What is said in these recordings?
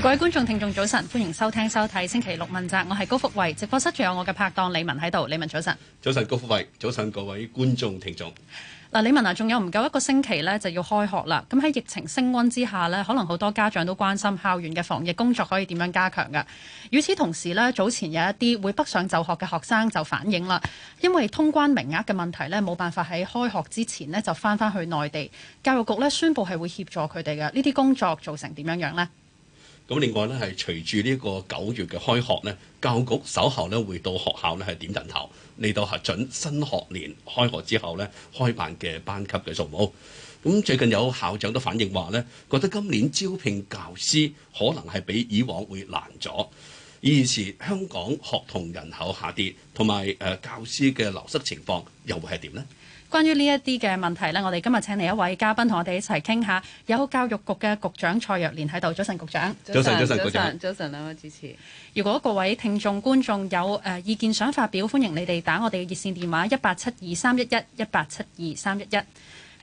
各位觀眾、聽眾，早晨，歡迎收聽、收睇星期六問責。我係高福慧，直播室仲有我嘅拍檔李文喺度。李文早晨，早晨高福慧，早晨各位觀眾、聽眾。嗱，李文啊，仲有唔夠一個星期咧，就要開學啦。咁喺疫情升溫之下咧，可能好多家長都關心校園嘅防疫工作可以點樣加強㗎。與此同時咧，早前有一啲會北上就學嘅學生就反映啦，因為通關名額嘅問題咧，冇辦法喺開學之前咧就返返去內地。教育局咧宣布係會協助佢哋嘅呢啲工作，做成點樣樣呢？咁另外咧，係隨住呢個九月嘅開學呢，教育局稍後咧會到學校呢係點人頭嚟到核准新學年開學之後呢，開辦嘅班級嘅數目。咁最近有校長都反映話呢，覺得今年招聘教師可能係比以往會難咗。現時香港學童人口下跌，同埋誒教師嘅流失情況又會係點呢？關於呢一啲嘅問題咧，我哋今日請嚟一位嘉賓，同我哋一齊傾下。有教育局嘅局長蔡若蓮喺度，早晨，局長。早晨，早晨，早晨，局長。早晨，早晨啊！兩位主持。如果各位聽眾、觀眾有誒意見想發表，歡迎你哋打我哋嘅熱線電話一八七二三一一一八七二三一一。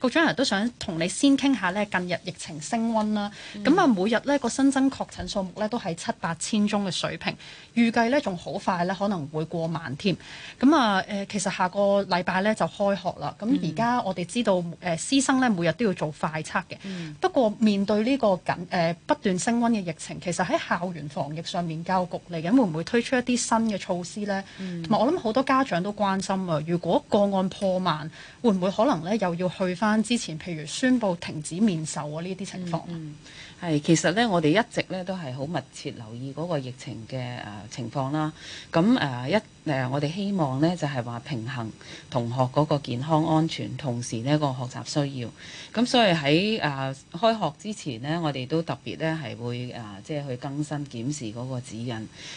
局長人都想同你先傾下咧，近日疫情升溫啦，咁啊、嗯、每日咧個新增確診數目咧都喺七八千宗嘅水平，預計咧仲好快咧可能會過萬添。咁啊誒，其實下個禮拜咧就開學啦。咁而家我哋知道誒、呃、師生咧每日都要做快測嘅。嗯、不過面對呢個緊誒、呃、不斷升溫嘅疫情，其實喺校園防疫上面，教育局嚟緊會唔會推出一啲新嘅措施呢？同埋、嗯、我諗好多家長都關心啊，如果個案破萬，會唔會可能咧又要去返？翻之前，譬如宣布停止面授啊，呢啲情況，係、嗯嗯、其實咧，我哋一直咧都係好密切留意嗰個疫情嘅誒、呃、情況啦。咁誒、呃、一。誒，我哋希望咧就係話平衡同學嗰個健康安全，同時呢個學習需要。咁所以喺誒開學之前呢，我哋都特別咧係會誒，即係去更新檢視嗰個指引。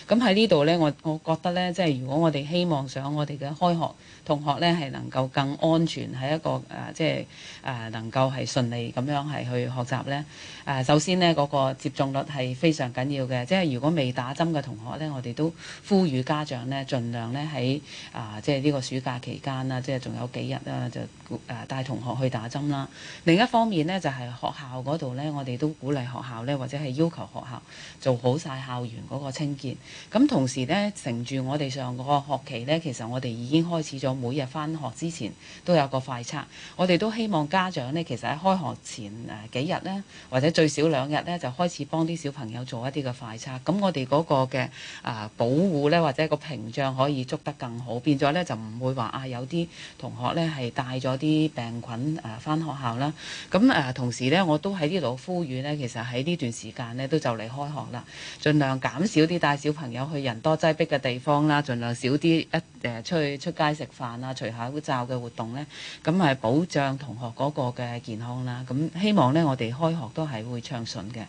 咁喺呢度咧，我我覺得咧，即係如果我哋希望想我哋嘅開學同學咧，係能夠更安全，喺一個誒，即係誒能夠係順利咁樣係去學習咧。誒，首先咧嗰個接種率係非常緊要嘅，即係如果未打針嘅同學咧，我哋都呼籲家長咧盡量。咧喺啊，即係呢個暑假期間啦，即係仲有幾日啦，就誒帶同學去打針啦。另一方面呢，就係學校嗰度咧，我哋都鼓勵學校咧，或者係要求學校做好晒校園嗰個清潔，咁同時呢，乘住我哋上個學期咧，其實我哋已經開始咗每日返學之前都有個快測，我哋都希望家長咧，其實喺開學前誒幾日咧，或者最少兩日咧，就開始幫啲小朋友做一啲嘅快測，咁我哋嗰個嘅啊保護咧，或者個屏障可。可以捉得更好，變咗咧就唔會話啊有啲同學咧係帶咗啲病菌誒返、呃、學校啦。咁、嗯、誒、呃、同時咧，我都喺呢度呼籲咧，其實喺呢段時間咧都就嚟開學啦，盡量減少啲帶小朋友去人多擠逼嘅地方啦，盡量少啲一。誒出去出街食飯啊，除口罩嘅活動呢，咁、嗯、誒保障同學嗰個嘅健康啦、啊。咁希望呢，我哋開學都係會暢順嘅。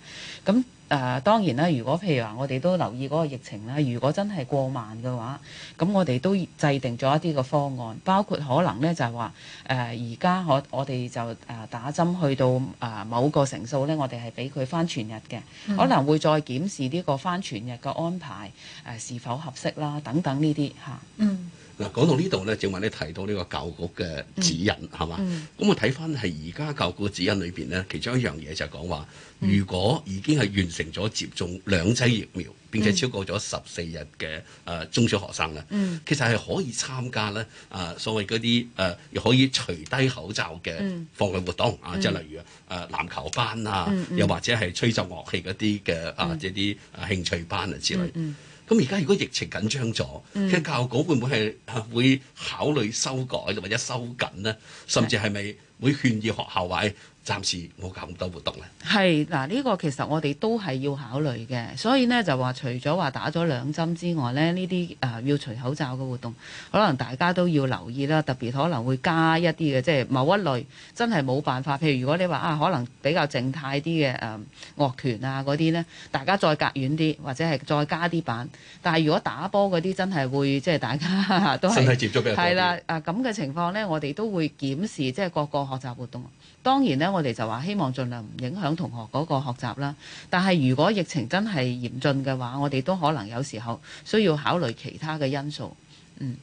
咁、嗯、誒、嗯、當然啦，如果譬如話我哋都留意嗰個疫情啦，如果真係過萬嘅話，咁我哋都制定咗一啲嘅方案，包括可能呢就係話誒而家可我哋就誒打針去到誒某個成數呢，我哋係俾佢翻全日嘅，可能會再檢視呢個翻全日嘅安排誒、呃、是否合適啦，等等呢啲嚇。嗯嗯。嗱，講、啊、到呢度咧，正話你提到呢個教育局嘅指引係嘛？咁、嗯、我睇翻係而家教育局指引裏邊咧，其中一樣嘢就係講話，如果已經係完成咗接種兩劑疫苗並且超過咗十四日嘅誒中小學生咧，其實係可以參加咧啊所謂嗰啲誒可以除低口罩嘅放學活動、嗯、啊，即係例如誒、呃、籃球班啊，嗯嗯、又或者係吹奏樂器嗰啲嘅啊，即係啲興趣班啊之類。嗯嗯咁而家如果疫情緊張咗，聽教育局會唔會係會考慮修改或者收緊呢？甚至係咪會勸議學校委？暫時冇搞咁多活動啦。係嗱，呢個其實我哋都係要考慮嘅，所以呢就話除咗話打咗兩針之外咧，呢啲誒要除口罩嘅活動，可能大家都要留意啦。特別可能會加一啲嘅，即係某一類真係冇辦法。譬如如果你話啊，可能比較靜態啲嘅誒樂團啊嗰啲呢，大家再隔遠啲，或者係再加啲版。但係如果打波嗰啲真係會即係大家都係身體接觸嘅，係啦誒咁嘅情況呢，我哋都會檢視即係各個學習活動。當然咧，我哋就話希望盡量唔影響同學嗰個學習啦。但係如果疫情真係嚴峻嘅話，我哋都可能有時候需要考慮其他嘅因素，嗯。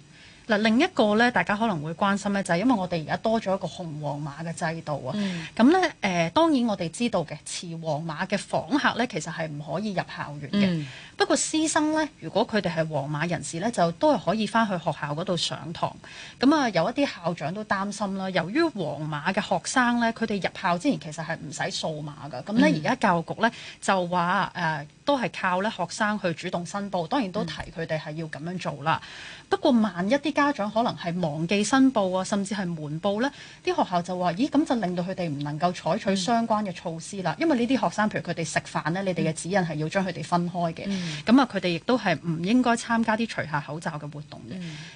嗱，另一個咧，大家可能會關心咧，就係、是、因為我哋而家多咗一個紅黃碼嘅制度啊。咁咧、嗯，誒、呃、當然我哋知道嘅，持黃碼嘅訪客咧，其實係唔可以入校園嘅。嗯、不過師生咧，如果佢哋係黃碼人士咧，就都係可以翻去學校嗰度上堂。咁啊，有一啲校長都擔心啦，由於黃碼嘅學生咧，佢哋入校之前其實係唔使掃碼嘅。咁咧，而家、嗯、教育局咧就話誒。呃都係靠咧學生去主動申報，當然都提佢哋係要咁樣做啦。嗯、不過萬一啲家長可能係忘記申報啊，甚至係瞞報呢，啲學校就話，咦，咁就令到佢哋唔能夠採取相關嘅措施啦。因為呢啲學生，譬如佢哋食飯呢，你哋嘅指引係要將佢哋分開嘅。咁啊、嗯，佢哋亦都係唔應該參加啲除下口罩嘅活動嘅。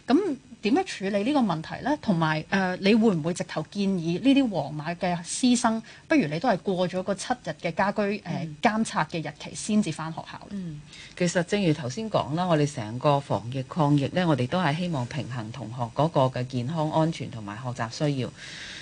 咁、嗯點樣處理呢個問題呢？同埋誒，你會唔會直頭建議呢啲黃碼嘅師生，不如你都係過咗個七日嘅家居誒、呃、監察嘅日期先至翻學校？嗯嗯嗯、其實正如頭先講啦，我哋成個防疫抗疫呢，我哋都係希望平衡同學嗰個嘅健康安全同埋學習需要。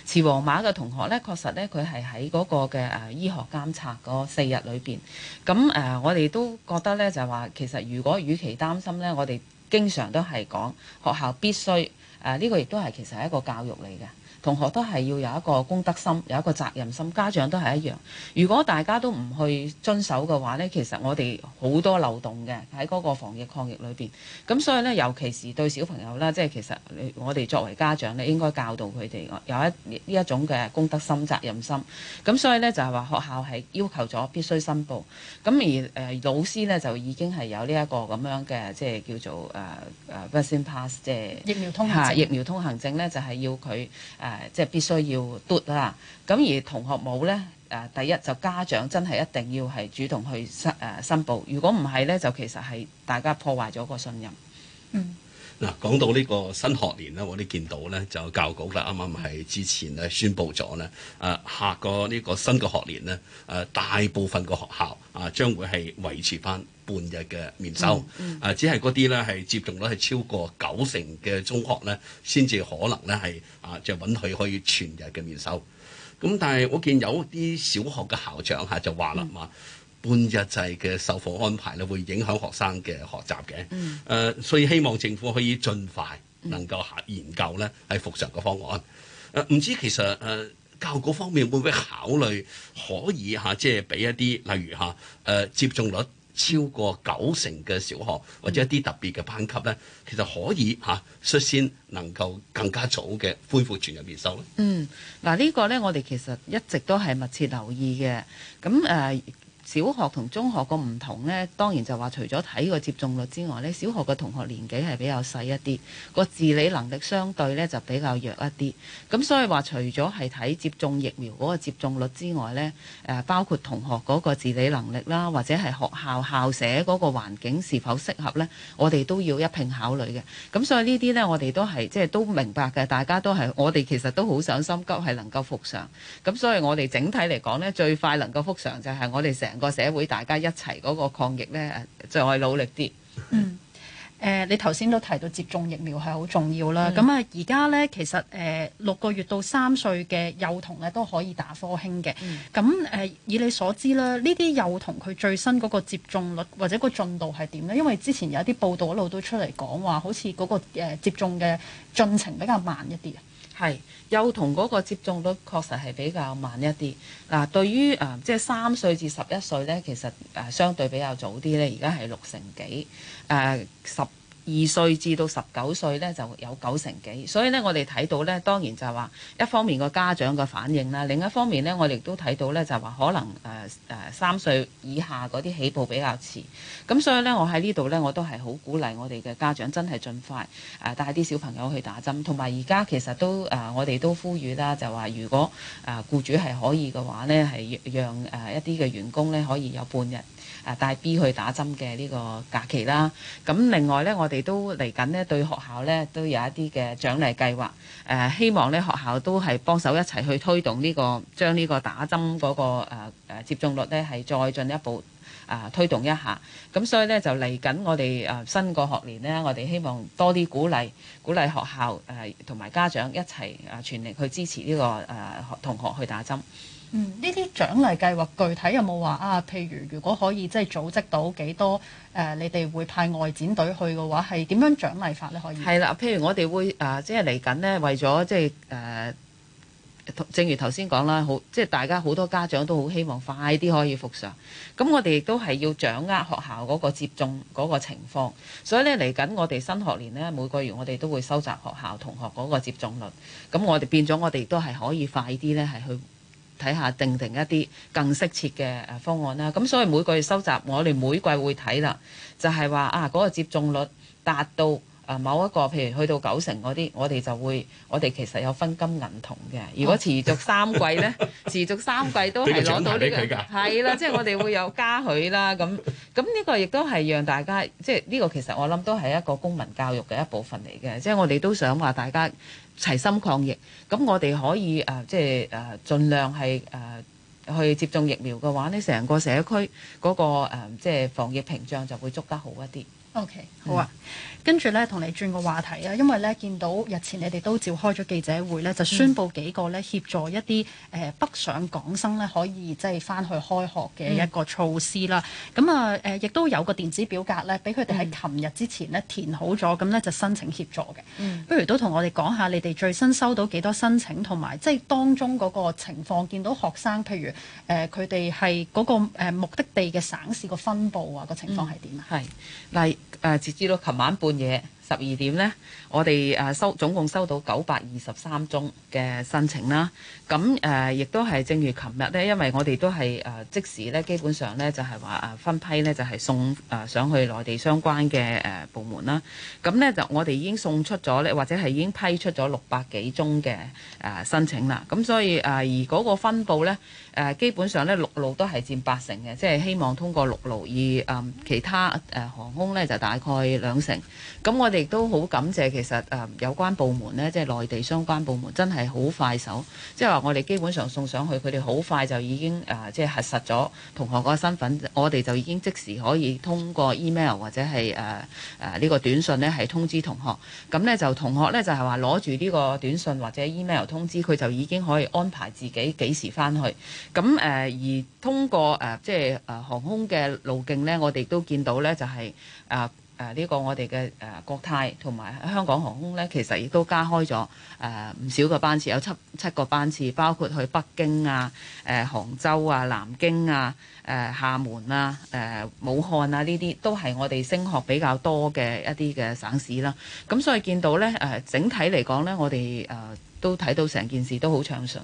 持黃碼嘅同學呢，確實呢，佢係喺嗰個嘅誒醫學監察嗰四日裏邊。咁誒、呃，我哋都覺得呢，就係、是、話，其實如果與其擔心呢，我哋經常都係講學校必須，誒，啊，呢個亦都係其實係一個教育嚟嘅。同學都係要有一個公德心，有一個責任心。家長都係一樣。如果大家都唔去遵守嘅話呢，其實我哋好多漏洞嘅喺嗰個防疫抗疫裏邊。咁所以呢，尤其是對小朋友啦，即係其實我哋作為家長呢，應該教導佢哋有一呢一種嘅公德心、責任心。咁所以呢，就係、是、話學校係要求咗必須申報。咁而誒、呃、老師呢，就已經係有呢一個咁樣嘅，即係叫做誒誒 vaccine pass 即係疫苗通行證，嚇、啊、疫苗通行證呢就係、是、要佢誒。啊誒、啊、即係必須要嘟啦，咁而同學冇呢，誒、啊、第一就家長真係一定要係主動去申誒申報，如果唔係呢，就其實係大家破壞咗個信任。嗯，嗱講到呢個新學年呢，我哋見到呢，就教育局啦，啱啱係之前咧宣布咗呢，誒、啊、下個呢個新嘅學年呢，誒、啊、大部分個學校啊將會係維持翻。半日嘅面授，啊， 只係嗰啲咧係接種率係超過九成嘅中學咧，先至可能咧係啊，就允許可以全日嘅面授。咁但係我見有啲小學嘅校長嚇就話啦嘛，半日制嘅授課安排咧會影響學生嘅學習嘅。誒， 所以希望政府可以盡快能夠研究咧係復常嘅方案。誒，唔知其實誒教育方面會唔會考慮可以嚇，即係俾一啲例如嚇誒、呃、接種率。超過九成嘅小學或者一啲特別嘅班級呢，其實可以嚇、啊、率先能夠更加早嘅恢復全日面授。咯。嗯，嗱、這、呢個呢，我哋其實一直都係密切留意嘅。咁誒。呃小學同中學個唔同咧，當然就話，除咗睇個接種率之外咧，小學嘅同學年紀係比較細一啲，個自理能力相對咧就比較弱一啲。咁所以話，除咗係睇接種疫苗嗰個接種率之外咧，誒，包括同學嗰個自理能力啦，或者係學校校舍嗰個環境是否適合咧，我哋都要一併考慮嘅。咁所以呢啲咧，我哋都係即係都明白嘅，大家都係我哋其實都好想心急係能夠復常。咁所以我哋整體嚟講咧，最快能夠復常就係我哋成個社會大家一齊嗰個抗疫呢，就再努力啲。嗯，誒、呃，你頭先都提到接種疫苗係好重要啦。咁啊、嗯，而家呢，其實誒六、呃、個月到三歲嘅幼童咧都可以打科興嘅。咁誒、嗯嗯，以你所知啦，呢啲幼童佢最新嗰個接種率或者個進度係點呢？因為之前有啲報道一路都出嚟講話，好似嗰、那個、呃、接種嘅進程比較慢一啲。係，幼童嗰個接種率確實係比較慢一啲。嗱、啊，對於誒、呃，即係三歲至十一歲呢，其實誒、呃、相對比較早啲呢，而家係六成幾，誒、呃、十二歲至到十九歲呢，就有九成幾，所以呢，我哋睇到呢，當然就係話一方面個家長嘅反應啦，另一方面呢，我哋都睇到呢，就係話可能誒誒三歲以下嗰啲起步比較遲，咁所以呢，我喺呢度呢，我都係好鼓勵我哋嘅家長真係盡快誒帶啲小朋友去打針，同埋而家其實都誒我哋都呼籲啦，就話如果誒僱主係可以嘅話呢，係讓誒一啲嘅員工呢，可以有半日，誒帶 B 去打針嘅呢個假期啦，咁另外呢，我哋都嚟緊呢對學校呢，都有一啲嘅獎勵計劃，誒、呃、希望呢學校都係幫手一齊去推動呢、呢個將呢個打針嗰、嗰個誒、呃、接種率呢，係再進一步啊、呃、推動一下，咁所以呢，就嚟緊我哋誒新個學年呢，我哋希望多啲鼓勵，鼓勵學校誒同埋家長一齊啊全力去支持呢、呢個誒學、呃、同學去打針。嗯，呢啲獎勵計劃具體有冇話啊？譬如如果可以即係組織到幾多誒、呃，你哋會派外展隊去嘅話，係點樣獎勵法咧？可以係啦，譬如我哋會誒、呃，即係嚟緊呢，為咗即係誒、呃，正如頭先講啦，好即係大家好多家長都好希望快啲可以復常。咁我哋亦都係要掌握學校嗰個接種嗰個情況，所以呢，嚟緊我哋新學年呢，每個月我哋都會收集學校同學嗰個接種率。咁我哋變咗我哋都係可以快啲呢，係去。睇下定定一啲更適切嘅誒方案啦，咁所以每個月收集，我哋每季會睇啦，就係話啊嗰個接種率達到。啊，某一個譬如去到九成嗰啲，我哋就會，我哋其實有分金銀銅嘅。如果持續三季咧， 持續三季都係攞到呢、這個，係啦， 即係我哋會有加許啦。咁咁呢個亦都係讓大家，即係呢個其實我諗都係一個公民教育嘅一部分嚟嘅。即、就、係、是、我哋都想話大家齊心抗疫。咁我哋可以誒、呃，即係誒，儘、呃、量係誒、呃、去接種疫苗嘅話咧，你成個社區嗰、那個、呃、即係防疫屏障就會捉得好一啲。O.K. 好啊，跟住咧，同你轉個話題啊，因為咧見到日前你哋都召開咗記者會咧，就宣佈幾個咧協助一啲誒、呃、北上港生咧可以即係返去開學嘅一個措施啦。咁啊誒，亦、呃、都有個電子表格咧，俾佢哋喺琴日之前咧填好咗，咁咧就申請協助嘅。不如都同我哋講下你哋最新收到幾多申請，同埋即係當中嗰個情況。見到學生譬如誒佢哋係嗰個目的地嘅省市個分佈啊，個情況係點啊？係嗱、嗯。誒，直至到琴晚半夜十二點呢，我哋誒收總共收到九百二十三宗嘅申請啦。咁誒亦都係正如琴日咧，因為我哋都係誒即時咧，基本上咧就係話誒分批咧就係送誒上去內地相關嘅誒部門啦。咁咧就我哋已經送出咗咧，或者係已經批出咗六百幾宗嘅誒申請啦。咁所以誒而嗰個分布咧，誒基本上咧陸路都係佔八成嘅，即係希望通過陸路以誒其他誒航空咧就大概兩成。咁我哋。亦都好感謝，其實誒有關部門呢，即係內地相關部門，真係好快手，即係話我哋基本上送上去，佢哋好快就已經誒即係核實咗同學嗰個身份，我哋就已經即時可以通過 email 或者係誒誒呢個短信呢，係通知同學。咁呢，就同學呢，就係話攞住呢個短信或者 email 通知，佢就已經可以安排自己幾時返去。咁誒而通過誒即係誒航空嘅路徑呢，我哋都見到呢，就係誒。呃誒呢、啊這個我哋嘅誒國泰同埋香港航空呢，其實亦都加開咗誒唔少嘅班次，有七七個班次，包括去北京啊、誒、呃、杭州啊、南京啊、誒、呃、廈門啊、誒、呃、武漢啊呢啲，都係我哋升學比較多嘅一啲嘅省市啦。咁所以見到呢，誒、呃、整體嚟講呢，我哋誒。呃都睇到成件事都好暢順。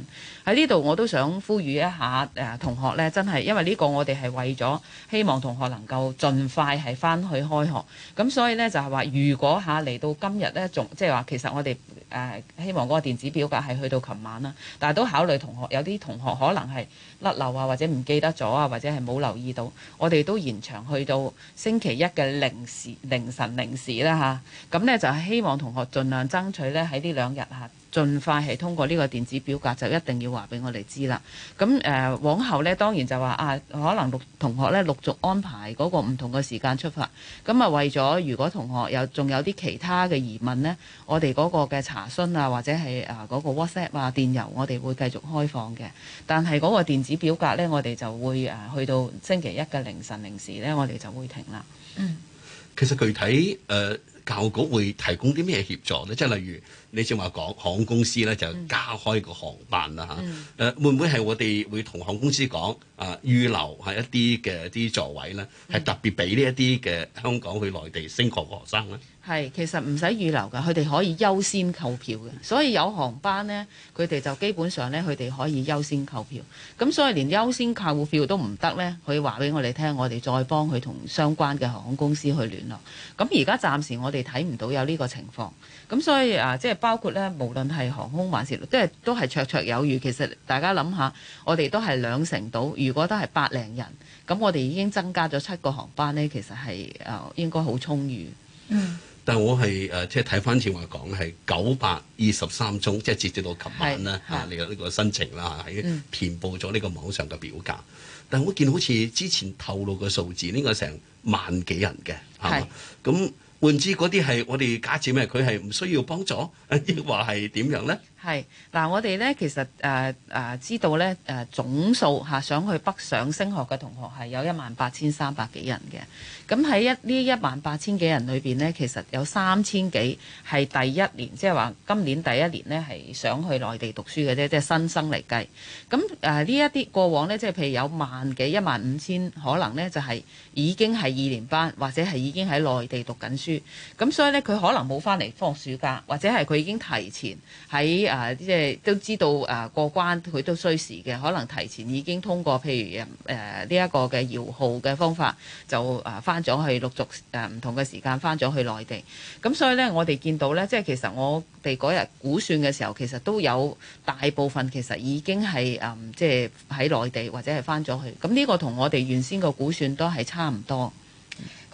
喺呢度，我都想呼籲一下誒、呃、同學呢，真係因為呢個我哋係為咗希望同學能夠盡快係翻去開學咁，所以呢，就係、是、話如果嚇嚟、啊、到今日呢，仲即係話其實我哋誒、呃、希望嗰個電子表格係去到琴晚啦，但係都考慮同學有啲同學可能係甩漏啊，或者唔記得咗啊，或者係冇留意到，我哋都延長去到星期一嘅零時凌晨零時啦嚇。咁、啊、呢，就係希望同學盡量爭取呢喺呢兩日嚇。啊盡快係通過呢個電子表格就一定要話俾我哋知啦。咁誒、呃、往後呢，當然就話啊，可能同同學呢，陸續安排嗰個唔同嘅時間出發。咁啊，為咗如果同學有仲有啲其他嘅疑問呢，我哋嗰個嘅查詢啊，或者係啊嗰、嗰個 WhatsApp 啊電郵，我哋會繼續開放嘅。但係嗰個電子表格呢，我哋就會誒去、啊、到星期一嘅凌晨零時呢，我哋就會停啦。嗯，其實具體誒、呃、教局會提供啲咩協助呢？即係例如。你正話講航空公司咧，就加開個航班啦嚇，誒、嗯啊、會唔會係我哋會同航空公司講，啊預留係一啲嘅啲座位咧，係、嗯、特別俾呢一啲嘅香港去內地升學嘅學生咧？係其實唔使預留㗎，佢哋可以優先購票嘅，所以有航班咧，佢哋就基本上咧，佢哋可以優先購票，咁所以連優先購票都唔得咧，佢話俾我哋聽，我哋再幫佢同相關嘅航空公司去聯絡。咁而家暫時我哋睇唔到有呢個情況。咁所以啊，即係包括咧，無論係航空還是即係都係綽綽有餘。其實大家諗下，我哋都係兩成到，如果都係百零人，咁我哋已經增加咗七個航班呢。其實係誒、呃、應該好充裕。嗯，但係我係誒、呃、即係睇翻前話講係九百二十三宗，即係截止到琴晚啦，啊，你有呢、呢個申請啦，填報咗呢個網上嘅表格。但係我見好似之前透露嘅數字，呢個成萬幾人嘅，係咁。換之嗰啲係我哋假設咩？佢係唔需要幫助，抑或係點樣咧？係嗱、啊，我哋咧其實誒誒、啊啊、知道咧誒、啊、總數嚇、啊、想去北上升學嘅同學係有 18, 一萬八千三百幾人嘅。咁喺一呢一萬八千幾人裏邊咧，其實有三千幾係第一年，即係話今年第一年咧係想去內地讀書嘅啫，即係新生嚟計。咁誒呢一啲過往咧，即係譬如有萬幾一萬五千，1, 5, 可能咧就係、是、已經係二年班，或者係已經喺內地讀緊書。咁所以咧佢可能冇翻嚟放暑假，或者係佢已經提前喺。啊。啊！即係都知道，啊過關佢都需時嘅，可能提前已經通過，譬如誒呢一個嘅搖號嘅方法，就啊翻咗去陸續誒唔、啊、同嘅時間翻咗去內地。咁所以咧，我哋見到咧，即係其實我哋嗰日估算嘅時候，其實都有大部分其實已經係誒、嗯、即係喺內地或者係翻咗去。咁呢個同我哋原先個估算都係差唔多。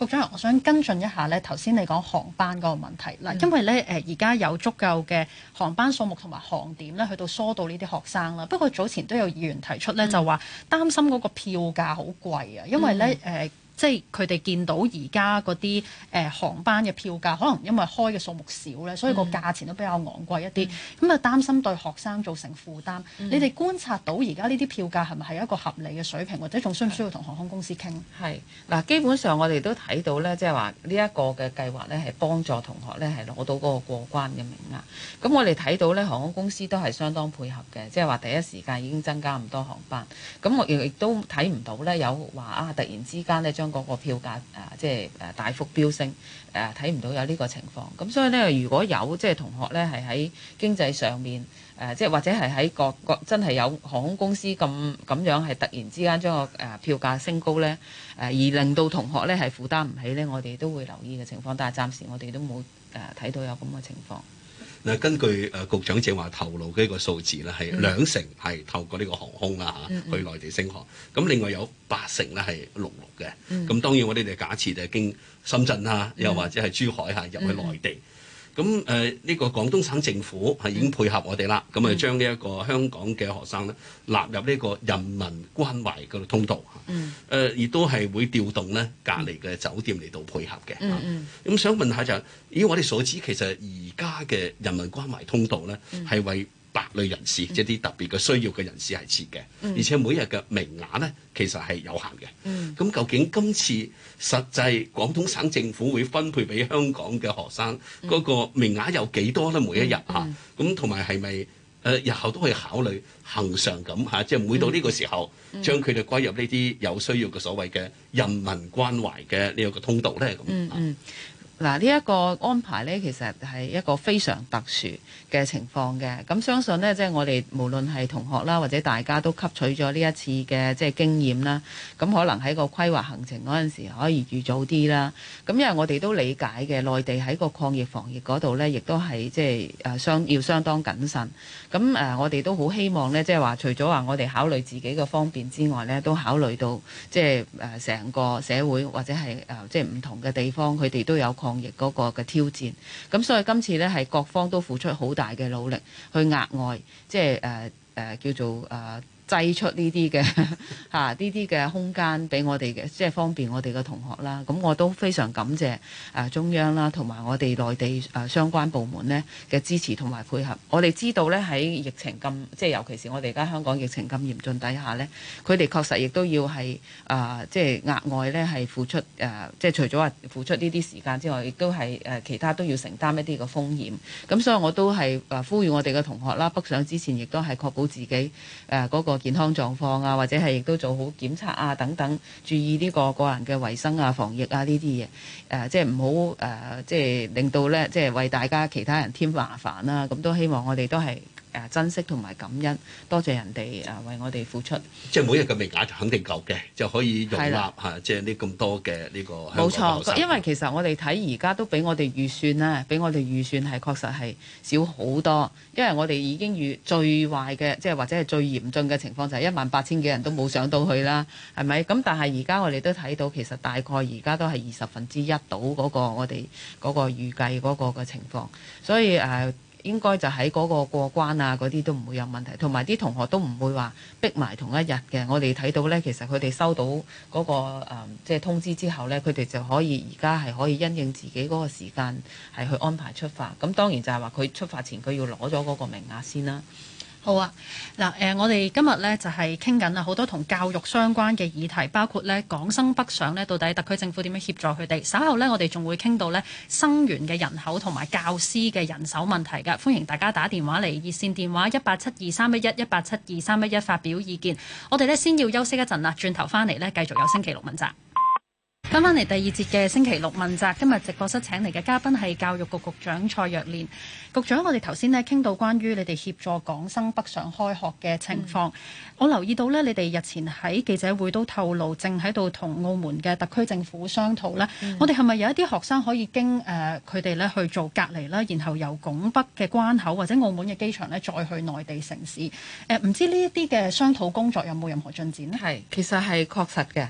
局長，我想跟進一下呢，頭先你講航班嗰個問題啦，因為呢誒，而、呃、家有足夠嘅航班數目同埋航點呢，去到疏導呢啲學生啦。不過早前都有議員提出呢，嗯、就話擔心嗰個票價好貴啊，因為呢，誒、嗯。呃即係佢哋見到而家嗰啲誒航班嘅票價，可能因為開嘅數目少咧，所以個價錢都比較昂貴一啲。咁啊擔心對學生造成負擔。嗯、你哋觀察到而家呢啲票價係咪係一個合理嘅水平，或者仲需唔需要同航空公司傾？係嗱，基本上我哋都睇到咧，即係話呢一個嘅計劃咧係幫助同學咧係攞到嗰個過關嘅名額。咁我哋睇到咧，航空公司都係相當配合嘅，即係話第一時間已經增加咁多航班。咁我亦都睇唔到咧有話啊，突然之間咧將嗰個票價誒，即係誒大幅飆升誒，睇、呃、唔到有呢個情況。咁所以呢，如果有即係同學呢，係喺經濟上面誒，即、呃、係或者係喺各各，各真係有航空公司咁咁樣係突然之間將個誒票價升高呢，誒、呃、而令到同學呢係負擔唔起呢，我哋都會留意嘅情況。但係暫時我哋都冇誒睇到有咁嘅情況。根據局長正話透露嘅一個數字咧，兩成係透過呢個航空去內地升學，咁另外有八成咧係陸路嘅，咁當然我哋假設就經深圳啦，又或者係珠海嚇入去內地。咁誒呢個廣東省政府係已經配合我哋啦，咁啊將呢一個香港嘅學生咧納入呢個人民關懷嗰度通道，誒亦、嗯、都係會調動咧隔離嘅酒店嚟到配合嘅。咁、嗯嗯、想問下就係，以我哋所知，其實而家嘅人民關懷通道咧係為八類人士即係啲特別嘅需要嘅人士係設嘅，嗯、而且每日嘅名額呢其實係有限嘅。咁、嗯、究竟今次實際廣東省政府會分配俾香港嘅學生嗰個名額有幾多呢？每一日嚇，咁同埋係咪誒日後都可以考慮恆常咁嚇，即係每到呢個時候、嗯嗯、將佢哋歸入呢啲有需要嘅所謂嘅人民關懷嘅呢一個通道呢？咁、啊。啊嗯嗯嗯嗱，呢一個安排咧，其實係一個非常特殊嘅情況嘅。咁相信咧，即係我哋無論係同學啦，或者大家都吸取咗呢一次嘅即係經驗啦。咁可能喺個規劃行程嗰陣時，可以預早啲啦。咁因為我哋都理解嘅，內地喺個抗疫防疫嗰度咧，亦都係即係誒相要相當謹慎。咁誒我哋都好希望咧，即係話除咗話我哋考慮自己嘅方便之外咧，都考慮到即係誒成個社會或者係誒即係唔同嘅地方，佢哋都有抗。抗疫嗰個嘅挑戰，咁所以今次咧，係各方都付出好大嘅努力去，去額外即係誒誒叫做誒。呃擠出呢啲嘅吓，呢啲嘅空間俾我哋嘅，即係方便我哋嘅同學啦。咁、啊、我都非常感謝誒、啊、中央啦，同、啊、埋我哋內地誒、啊、相關部門咧嘅支持同埋配合。我哋知道咧喺疫情咁，即係尤其是我哋而家香港疫情咁嚴峻底下咧，佢哋確實亦都要係，誒、啊，即係額外咧係付出誒，即、啊、係、就是、除咗話付出呢啲時間之外，亦都係誒、啊、其他都要承擔一啲嘅風險，咁所以我都係誒、啊、呼籲我哋嘅同學啦、啊，北上之前亦都係確保自己誒、啊啊啊嗰個。健康狀況啊，或者係亦都做好檢測啊，等等，注意呢個個人嘅衞生啊、防疫啊呢啲嘢，誒、呃，即係唔好誒，即係令到咧，即係為大家其他人添麻煩啦。咁都希望我哋都係。誒、啊、珍惜同埋感恩，多謝人哋誒、啊、為我哋付出。即係每日嘅名額就肯定夠嘅，嗯、就可以容納吓，即係呢咁多嘅呢個。冇錯，因為其實我哋睇而家都比我哋預算啦，比我哋預算係確實係少好多。因為我哋已經預最壞嘅，即係或者係最嚴峻嘅情況就係一萬八千幾人都冇上去都到去啦，係咪？咁但係而家我哋都睇到，其實大概而家都係二十分之一到嗰個我哋嗰個預計嗰個嘅情況，所以誒，啊應該就喺嗰個過關啊，嗰啲都唔會有問題，同埋啲同學都唔會話逼埋同一日嘅。我哋睇到呢，其實佢哋收到嗰個、呃、即係通知之後呢，佢哋就可以而家係可以因應自己嗰個時間係去安排出發。咁當然就係話佢出發前佢要攞咗嗰個名額先啦。好啊，嗱，誒，我哋今日咧就係傾緊啊好多同教育相關嘅議題，包括咧港生北上咧，到底特區政府點樣協助佢哋？稍後咧我哋仲會傾到咧生源嘅人口同埋教師嘅人手問題㗎，歡迎大家打電話嚟熱線電話一八七二三一一一八七二三一一發表意見。我哋咧先要休息一陣啦，轉頭翻嚟咧繼續有星期六問責。翻翻嚟第二節嘅星期六問責，今日直播室請嚟嘅嘉賓係教育局局長蔡若蓮局長。我哋頭先咧傾到關於你哋協助港生北上開學嘅情況，嗯、我留意到呢，你哋日前喺記者會都透露，正喺度同澳門嘅特區政府商討呢、嗯、我哋係咪有一啲學生可以經誒佢哋咧去做隔離啦，然後由拱北嘅關口或者澳門嘅機場咧再去內地城市？誒、呃，唔知呢一啲嘅商討工作有冇任何進展咧？係是，其實係確實嘅。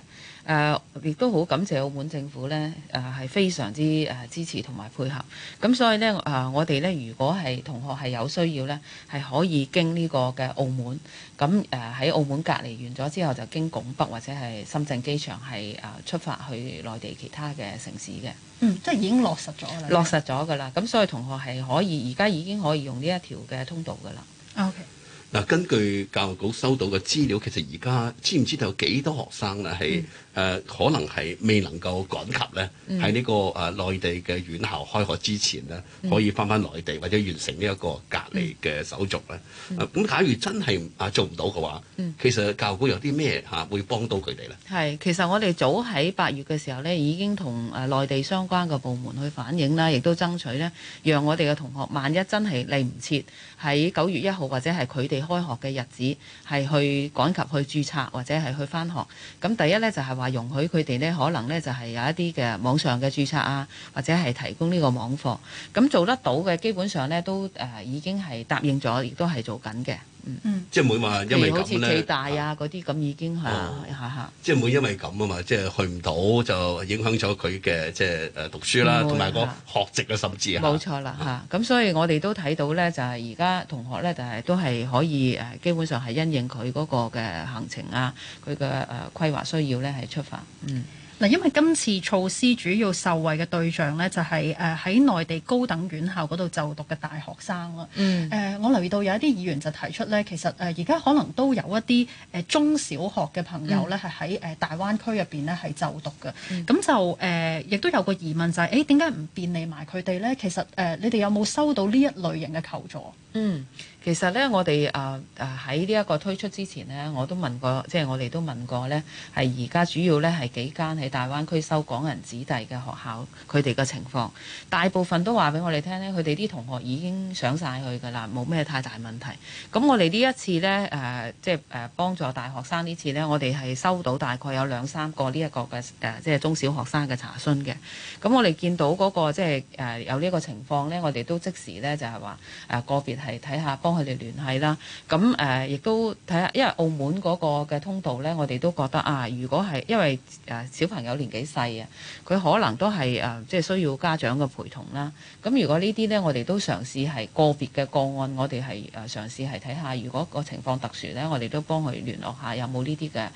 誒，亦、呃、都好感謝澳門政府呢，誒係、呃、非常之誒、呃、支持同埋配合。咁所以呢，啊、呃，我哋呢如果係同學係有需要呢，係可以經呢個嘅澳門，咁誒喺澳門隔離完咗之後，就經拱北或者係深圳機場係誒、呃、出發去內地其他嘅城市嘅。嗯，即係已經落實咗啦。落實咗㗎啦，咁了所以同學係可以而家已經可以用呢一條嘅通道㗎啦。O K。嗱，根據教育局收到嘅資料，其實而家知唔知道有幾多學生咧係？嗯誒可能係未能夠趕及呢。喺呢、嗯、個誒內地嘅院校開學之前咧，嗯、可以翻翻內地或者完成呢一個隔離嘅手續咧。咁、嗯、假如真係啊做唔到嘅話，嗯、其實教育局有啲咩嚇會幫到佢哋呢？係，其實我哋早喺八月嘅時候呢，已經同誒內地相關嘅部門去反映啦，亦都爭取呢，讓我哋嘅同學萬一真係嚟唔切，喺九月一號或者係佢哋開學嘅日子，係去趕及去註冊或者係去翻學。咁第一呢，就係、是。話容許佢哋呢，可能呢就係有一啲嘅網上嘅註冊啊，或者係提供呢個網課，咁做得到嘅，基本上呢都誒、呃、已經係答應咗，亦都係做緊嘅。嗯，即係唔會話因為好似暨大啊，嗰啲咁已經吓吓吓，啊啊、即係唔會因為咁啊嘛，即係、嗯、去唔到就影響咗佢嘅即係誒讀書啦，同埋、嗯、個學籍啊，甚至啊，冇錯啦吓。咁、啊、所以我哋都睇到咧，就係而家同學咧，就係都係可以誒，基本上係因應佢嗰個嘅行程啊，佢嘅誒規劃需要咧，係出發嗯。嗱，因為今次措施主要受惠嘅對象咧，就係誒喺內地高等院校嗰度就讀嘅大學生啦。嗯。誒、呃，我留意到有一啲議員就提出咧，其實誒而家可能都有一啲誒中小學嘅朋友咧，係喺誒大灣區入邊咧係就讀嘅。咁、嗯、就誒、呃，亦都有個疑問就係、是，誒點解唔便利埋佢哋咧？其實誒、呃，你哋有冇收到呢一類型嘅求助？嗯。其實咧，我哋誒誒喺呢一個推出之前呢，我都問過，即係我哋都問過呢，係而家主要呢係幾間喺大灣區收港人子弟嘅學校佢哋嘅情況，大部分都話俾我哋聽呢，佢哋啲同學已經上晒去㗎啦，冇咩太大問題。咁我哋呢一次呢，誒，即係誒幫助大學生呢次呢，我哋係收到大概有兩三個呢一個嘅誒，即係中小學生嘅查詢嘅。咁我哋見到嗰個即係誒有呢個情況呢，我哋都即時呢就係話誒個別係睇下幫幫佢哋聯繫啦，咁誒亦都睇下，因為澳門嗰個嘅通道呢，我哋都覺得啊，如果係因為誒小朋友年紀細啊，佢可能都係誒即係需要家長嘅陪同啦。咁如果呢啲呢，我哋都嘗試係個別嘅個案，我哋係誒嘗試係睇下，如果個情況特殊呢，我哋都幫佢聯絡下，有冇呢啲嘅誒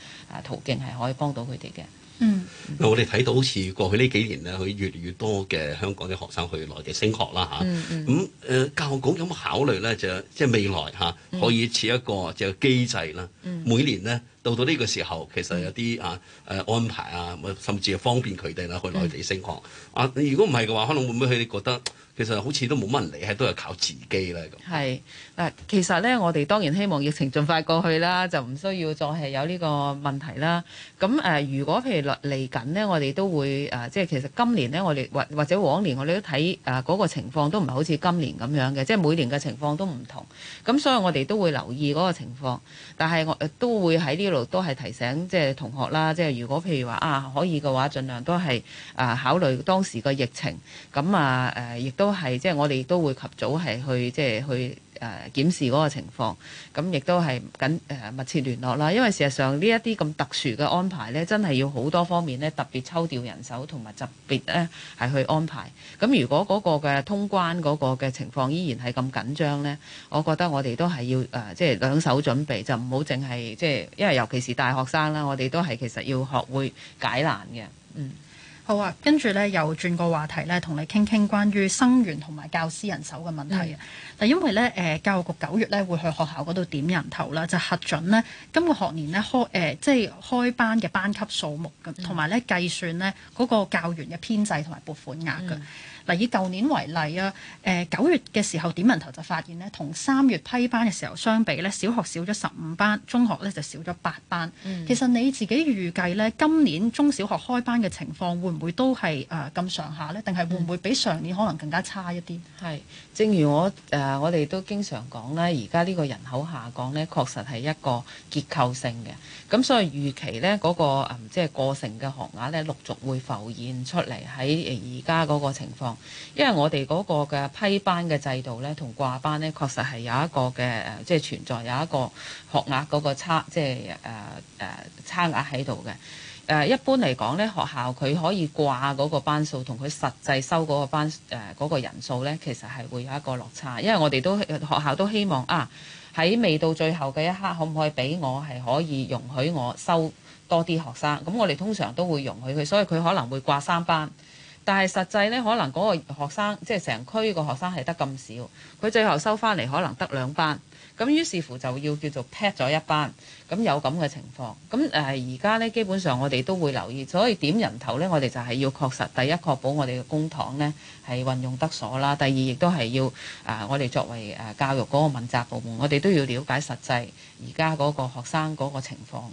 途徑係可以幫到佢哋嘅。嗯，嗱， 我哋睇到好似過去呢幾年咧，佢越嚟越多嘅香港啲學生去內地升學啦嚇。咁誒、嗯嗯嗯，教育局有冇考慮咧？就即、是、係未來嚇，可以設一個、嗯、就機制啦，每年咧。嗯嗯到到呢個時候，其實有啲啊誒、啊、安排啊，甚至係方便佢哋啦去內地升學 啊。如果唔係嘅話，可能會唔會佢哋覺得其實好似都冇乜人理，係都係靠自己咧咁。係嗱，其實咧，我哋當然希望疫情盡快過去啦，就唔需要再係有呢個問題啦。咁誒、啊，如果譬如嚟嚟緊咧，我哋都會誒、啊，即係其實今年呢，我哋或或者往年我哋都睇誒嗰個情況都唔係好似今年咁樣嘅，即係每年嘅情況都唔同。咁所以我哋都會留意嗰個情況，但係我都會喺呢度。都係提醒即係同學啦，即係如果譬如話啊可以嘅話，盡量都係啊考慮當時嘅疫情，咁啊誒亦、啊、都係即係我哋都會及早係去即係去。即誒檢視嗰個情況，咁亦都係緊密切聯絡啦。因為事實上呢一啲咁特殊嘅安排呢，真係要好多方面呢，特別抽調人手同埋特別呢係去安排。咁如果嗰個嘅通關嗰個嘅情況依然係咁緊張呢，我覺得我哋都係要誒即係兩手準備，就唔好淨係即係，因為尤其是大學生啦，我哋都係其實要學會解難嘅，嗯。好啊，跟住咧又轉個話題咧，同你傾傾關於生源同埋教師人手嘅問題啊。嗱、嗯，但因為咧誒、呃，教育局九月咧會去學校嗰度點人頭啦，就核准咧今個學年咧開誒、呃，即係開班嘅班級數目同埋咧計算咧嗰、嗰個教員嘅編制同埋撥款額嘅。嗯嗯。嗱，以舊年為例啊，誒、呃、九月嘅時候點人頭就發現咧，同三月批班嘅時候相比咧，小學少咗十五班，中學咧就少咗八班。嗯、其實你自己預計咧，今年中小學開班嘅情況會唔會都係誒咁上下咧？定係會唔會比上年可能更加差一啲？係、嗯。正如我誒、呃，我哋都經常講咧，而家呢個人口下降咧，確實係一個結構性嘅，咁，所以預期咧嗰、嗰個、呃、即係過剩嘅學額咧，陸續會浮現出嚟喺而家嗰個情況。因為我哋嗰個嘅批班嘅制度咧，同掛班咧確實係有一個嘅、呃、即係存在有一個學額嗰個差即係誒誒差額喺度嘅。誒一般嚟講呢，學校佢可以掛嗰個班數，同佢實際收嗰個班誒嗰個人數呢，其實係會有一個落差。因為我哋都學校都希望啊，喺未到最後嘅一刻，可唔可以俾我係可以容許我收多啲學生？咁我哋通常都會容許佢，所以佢可能會掛三班，但係實際呢，可能嗰個學生即係成區個學生係得咁少，佢最後收翻嚟可能得兩班。咁於是乎就要叫做 pat 咗一班，咁有咁嘅情況。咁誒而家呢，基本上我哋都會留意，所以點人頭呢，我哋就係要確實，第一確保我哋嘅公帑呢係運用得所啦，第二亦都係要啊我哋作為誒教育嗰個問責部門，我哋都要了解實際而家嗰個學生嗰個情況。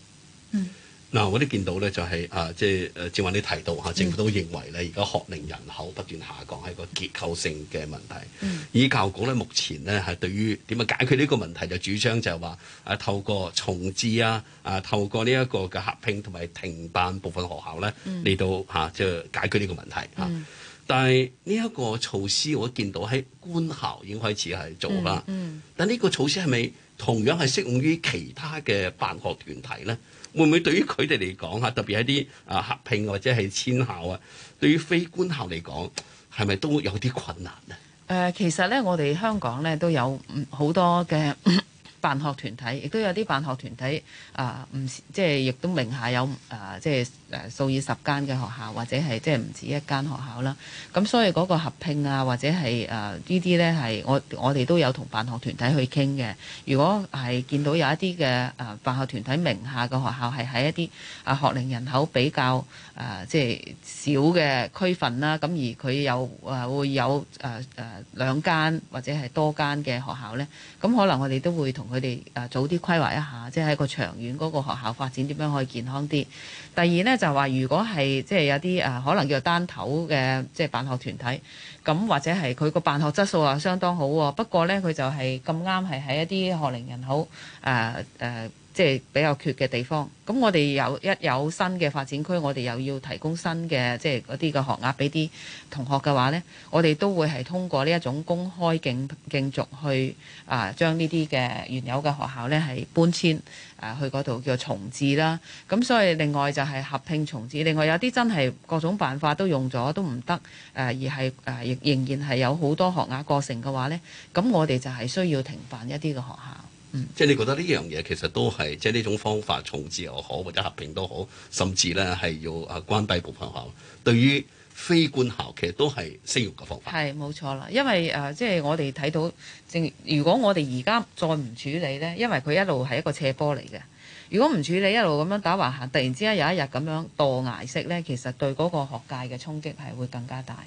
嗯。嗱，我都見到咧就係、是、啊，即係誒，正、啊、話你提到嚇，政、啊、府、嗯、都認為咧，而家學齡人口不斷下降係一個結構性嘅問題。嗯、以教局咧，目前咧係對於點樣解決呢個問題就主張就係話啊，透過重置啊啊，透過呢一個嘅合併同埋停辦部分學校咧嚟到嚇即係解決呢個問題嚇。啊嗯、但係呢一個措施，我都見到喺官校已經開始係做啦、嗯。嗯，嗯但呢個措施係咪同樣係適用於其他嘅辦學團體咧？會唔會對於佢哋嚟講吓，特別係啲啊合併或者係遷校啊，對於非官校嚟講，係咪都有啲困難咧？誒、呃，其實咧，我哋香港咧都有好多嘅。 辦學團體亦都有啲辦學團體啊，唔、呃、即係亦都名下有啊、呃，即係誒數以十間嘅學校或者係即係唔止一間學校啦。咁所以嗰個合併啊，或者係誒呢啲呢，係我我哋都有同辦學團體去傾嘅。如果係見到有一啲嘅誒辦學團體名下嘅學校係喺一啲啊學齡人口比較誒、呃、即係少嘅區份啦，咁而佢有誒會有誒誒兩間或者係多間嘅學校呢，咁可能我哋都會同。佢哋誒早啲規劃一下，即係喺個長遠嗰個學校發展點樣可以健康啲。第二呢，就係話，如果係即係有啲誒可能叫做單頭嘅即係辦學團體，咁或者係佢個辦學質素啊相當好喎、哦。不過呢，佢就係咁啱係喺一啲學齡人口誒誒呃呃即係比較缺嘅地方，咁我哋有一有新嘅發展區，我哋又要提供新嘅即係嗰啲嘅學額俾啲同學嘅話呢，我哋都會係通過呢一種公開競競逐去啊，將呢啲嘅原有嘅學校呢係搬遷啊去嗰度叫重置啦。咁所以另外就係合併重置，另外有啲真係各種辦法都用咗都唔得，誒、啊、而係誒、啊、仍然係有好多學額過剩嘅話呢，咁我哋就係需要停辦一啲嘅學校。嗯、即係你覺得呢樣嘢其實都係即係呢種方法重置又好或者合併都好，甚至咧係要啊關閉部分學校，對於非官校其實都係適用嘅方法。係冇錯啦，因為誒、呃、即係我哋睇到正，如果我哋而家再唔處理咧，因為佢一路係一個斜坡嚟嘅。如果唔處理，一路咁樣打橫行，突然之間有一日咁樣墮崖式咧，其實對嗰個學界嘅衝擊係會更加大。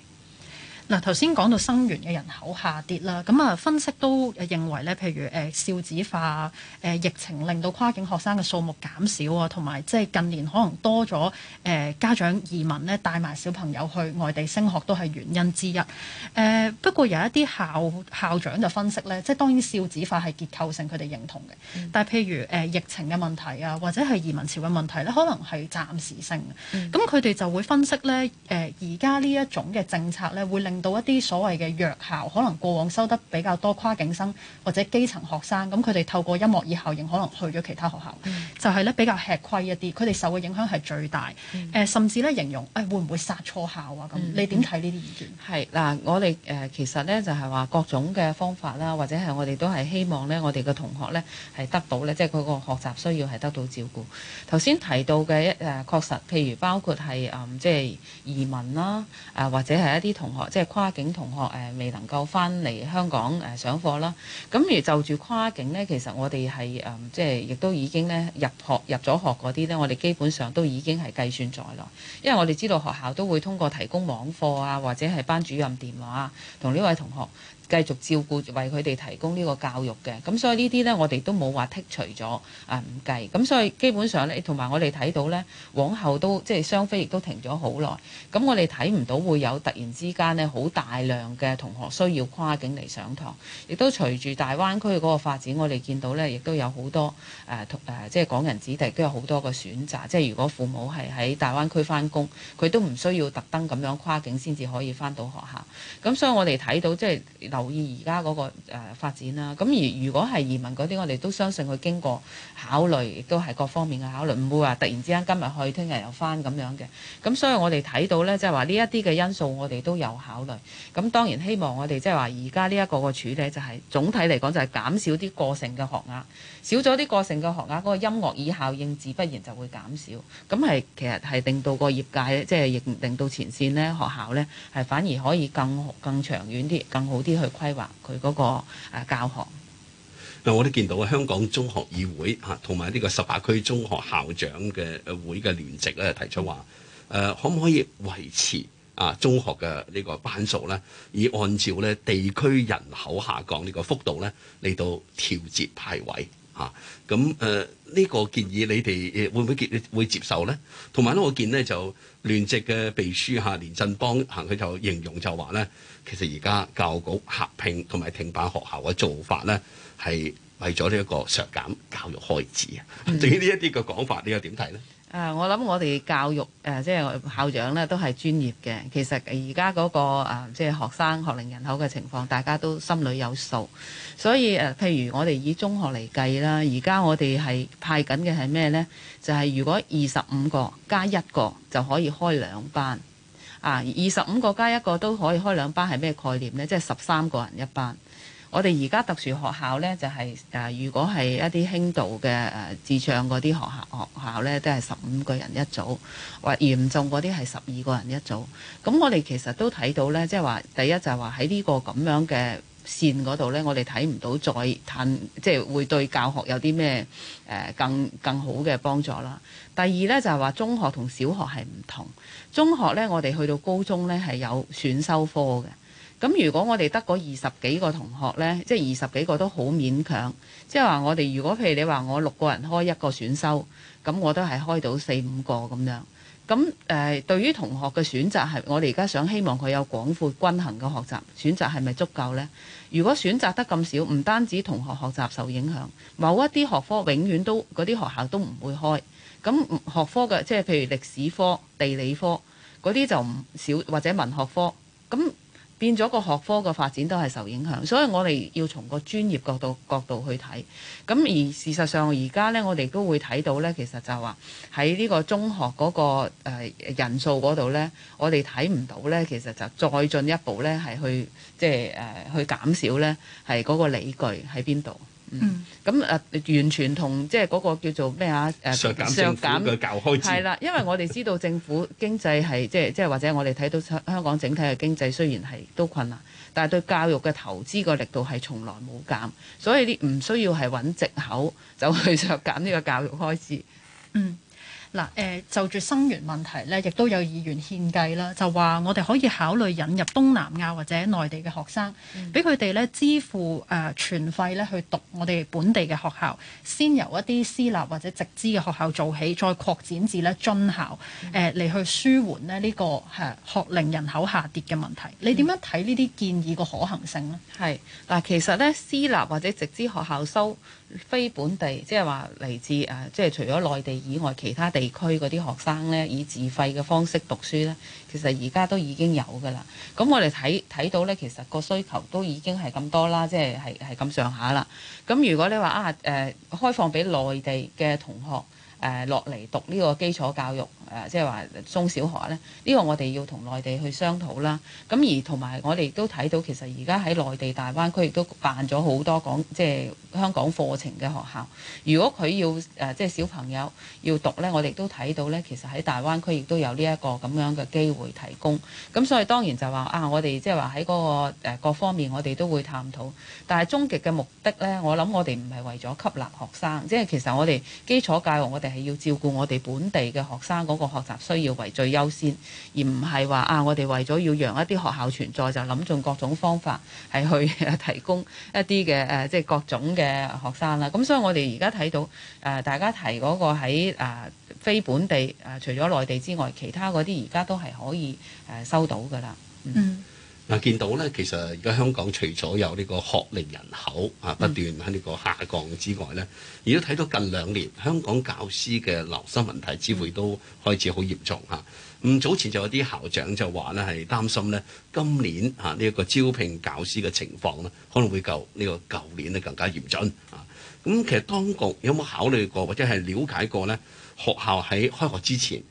嗱，頭先講到生源嘅人口下跌啦，咁啊分析都認為咧，譬如誒、呃、少子化、誒、呃、疫情令到跨境學生嘅數目減少啊，同埋即係近年可能多咗誒、呃、家長移民咧帶埋小朋友去外地升學都係原因之一。誒、呃、不過有一啲校校長就分析咧，即係當然少子化係結構性，佢哋認同嘅，嗯、但係譬如誒、呃、疫情嘅問題啊，或者係移民潮嘅問題咧，可能係暫時性嘅。咁佢哋就會分析咧，誒而家呢一種嘅政策咧會令到一啲所謂嘅弱校，可能過往收得比較多跨境生或者基層學生，咁佢哋透過音樂椅效應，可能去咗其他學校，嗯、就係咧比較吃虧一啲，佢哋受嘅影響係最大。誒、嗯，甚至咧形容誒、哎、會唔會殺錯校啊？咁你點睇呢啲意見？係嗱、嗯嗯嗯，我哋誒、呃、其實咧就係、是、話各種嘅方法啦，或者係我哋都係希望咧，我哋嘅同學咧係得到咧，即係嗰個學習需要係得到照顧。頭先提到嘅一誒確實，譬如包括係誒即係移民啦，啊或者係一啲同學即係，就是跨境同學誒未能夠翻嚟香港誒上課啦，咁而就住跨境咧，其實我哋係誒即係亦都已經咧入學入咗學嗰啲咧，我哋基本上都已經係計算在內，因為我哋知道學校都會通過提供網課啊，或者係班主任電話同呢位同學。繼續照顧為佢哋提供呢個教育嘅，咁所以呢啲呢，我哋都冇話剔除咗啊唔計，咁所以基本上咧，同埋我哋睇到呢，往後都即係雙非亦都停咗好耐，咁我哋睇唔到會有突然之間呢，好大量嘅同學需要跨境嚟上堂，亦都隨住大灣區嗰個發展，我哋見到呢，亦都有好多誒誒、呃呃、即係港人子弟都有好多個選擇，即係如果父母係喺大灣區返工，佢都唔需要特登咁樣跨境先至可以返到學校，咁所以我哋睇到即係。留意而家嗰個誒發展啦，咁而如果係移民嗰啲，我哋都相信佢經過考慮亦都係各方面嘅考慮，唔會話突然之間今日去，聽日又翻，咁樣嘅。咁所以我哋睇到咧，即係話呢一啲嘅因素，我哋都有考慮，咁當然希望我哋即係話而家呢一個嘅處理，就係、是、總體嚟講就係減少啲過剩嘅學額。少咗啲過剩嘅學額，嗰、那個音樂椅效應自不然就會減少。咁係其實係令到個業界，即係令令到前線呢學校呢，係反而可以更更長遠啲、更好啲去規劃佢嗰個教學。嗱，我都見到啊，香港中學議會嚇，同埋呢個十八區中學校長嘅會嘅聯席咧提出話，誒、呃、可唔可以維持啊中學嘅呢個班數呢？以按照咧地區人口下降呢個幅度呢，嚟到調節派位。嚇，咁誒，呢個建議你哋會唔會接會接受咧？同埋咧，我見咧就聯席嘅秘書嚇、啊、連振邦行佢就形容就話咧，其實而家教育局合併同埋停辦學校嘅做法咧，係為咗呢一個削減教育開支啊。對於呢一啲嘅講法，你又點睇咧？啊！我諗我哋教育誒、呃，即係校長咧，都係專業嘅。其實而家嗰個、呃、即係學生學齡人口嘅情況，大家都心裏有數。所以誒、呃，譬如我哋以中學嚟計啦，而家我哋係派緊嘅係咩呢？就係如果二十五個加一個就可以開兩班。啊，二十五個加一個都可以開兩班，係咩概念呢？即係十三個人一班。我哋而家特殊學校呢，就係、是、誒、啊，如果係一啲輕度嘅誒智障嗰啲學校，學校呢都係十五個人一組，或嚴重嗰啲係十二個人一組。咁我哋其實都睇到呢，即係話第一就係話喺呢個咁樣嘅線嗰度呢，我哋睇唔到再褪，即、就、係、是、會對教學有啲咩誒更更好嘅幫助啦。第二呢，就係話中學同小學係唔同，中學呢，我哋去到高中呢，係有選修科嘅。咁如果我哋得嗰二十幾個同學咧，即係二十幾個都好勉強，即係話我哋如果譬如你話我六個人開一個選修，咁我都係開到四五個咁樣，咁誒、呃、對於同學嘅選擇係我哋而家想希望佢有廣闊均衡嘅學習選擇係咪足夠咧？如果選擇得咁少，唔單止同學學習受影響，某一啲學科永遠都嗰啲學校都唔會開，咁學科嘅即係譬如歷史科、地理科嗰啲就唔少，或者文學科咁。變咗個學科嘅發展都係受影響，所以我哋要從個專業角度角度去睇。咁而事實上而家呢，我哋都會睇到呢，其實就話喺呢個中學嗰個人數嗰度呢，我哋睇唔到呢，其實就再進一步呢，係去即係誒去減少呢，係嗰個理據喺邊度？嗯，咁啊、嗯，嗯、完全同即係嗰個叫做咩啊？誒，削減嘅教開支係啦， 因為我哋知道政府經濟係即係即係或者我哋睇到香港整體嘅經濟雖然係都困難，但係對教育嘅投資個力度係從來冇減，所以啲唔需要係揾藉口就去削減呢個教育開支。嗯。嗱誒、呃，就住生源問題咧，亦都有議員獻計啦，就話我哋可以考慮引入東南亞或者內地嘅學生，俾佢哋咧支付誒、呃、全費咧去讀我哋本地嘅學校，先由一啲私立或者直資嘅學校做起，再擴展至咧津校誒嚟、嗯呃、去舒緩咧呢個誒、呃、學齡人口下跌嘅問題。你點樣睇呢啲建議個可行性呢？係嗱、嗯，其實咧私立或者直資學校收。非本地即係話嚟自誒，即係除咗內地以外，其他地區嗰啲學生咧，以自費嘅方式讀書咧，其實而家都已經有㗎啦。咁我哋睇睇到咧，其實個需求都已經係咁多啦，即係係係咁上下啦。咁如果你話啊誒，呃，開放俾內地嘅同學誒落嚟讀呢個基礎教育。誒，即係話中小學咧，呢、這個我哋要同內地去商討啦。咁、嗯、而同埋我哋亦都睇到，其實而家喺內地大灣區亦都辦咗好多講即係香港課程嘅學校。如果佢要誒即係小朋友要讀咧，我哋亦都睇到咧，其實喺大灣區亦都有呢一個咁樣嘅機會提供。咁、嗯、所以當然就話啊，我哋即係話喺嗰個誒、呃、各方面，我哋都會探討，但係終極嘅目的咧，我諗我哋唔係為咗吸納學生，即、就、係、是、其實我哋基礎教育我哋係要照顧我哋本地嘅學生嗰個學習需要為最優先，而唔係話啊，我哋為咗要讓一啲學校存在，就諗盡各種方法係去提供一啲嘅誒，即係各種嘅學生啦。咁、啊、所以我哋而家睇到誒、啊，大家提嗰個喺誒、啊、非本地誒、啊，除咗內地之外，其他嗰啲而家都係可以誒、啊、收到噶啦。嗯。嗯嗱，見到咧，其實而家香港除咗有呢個學齡人口啊，不斷喺呢個下降之外咧，而、嗯、都睇到近兩年香港教師嘅流失問題之會都開始好嚴重嚇。咁、嗯、早前就有啲校長就話咧，係擔心咧今年啊呢一、個招聘教師嘅情況咧，可能會夠、呢個、呢個舊年咧更加嚴峻啊。咁其實當局有冇考慮過或者係了解過呢？學校喺開學之前誒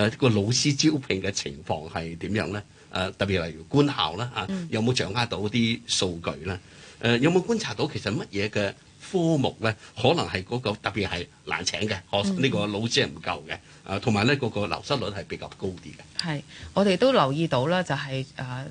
呢、啊個老師招聘嘅情況係點樣呢？誒、呃、特別例如官校啦嚇、啊，有冇掌握到啲數據咧？誒、呃、有冇觀察到其實乜嘢嘅科目咧，可能係嗰個特別係難請嘅學呢個老師唔夠嘅，誒同埋咧嗰個流失率係比較高啲嘅。係，我哋都留意到啦，就係、是、誒。呃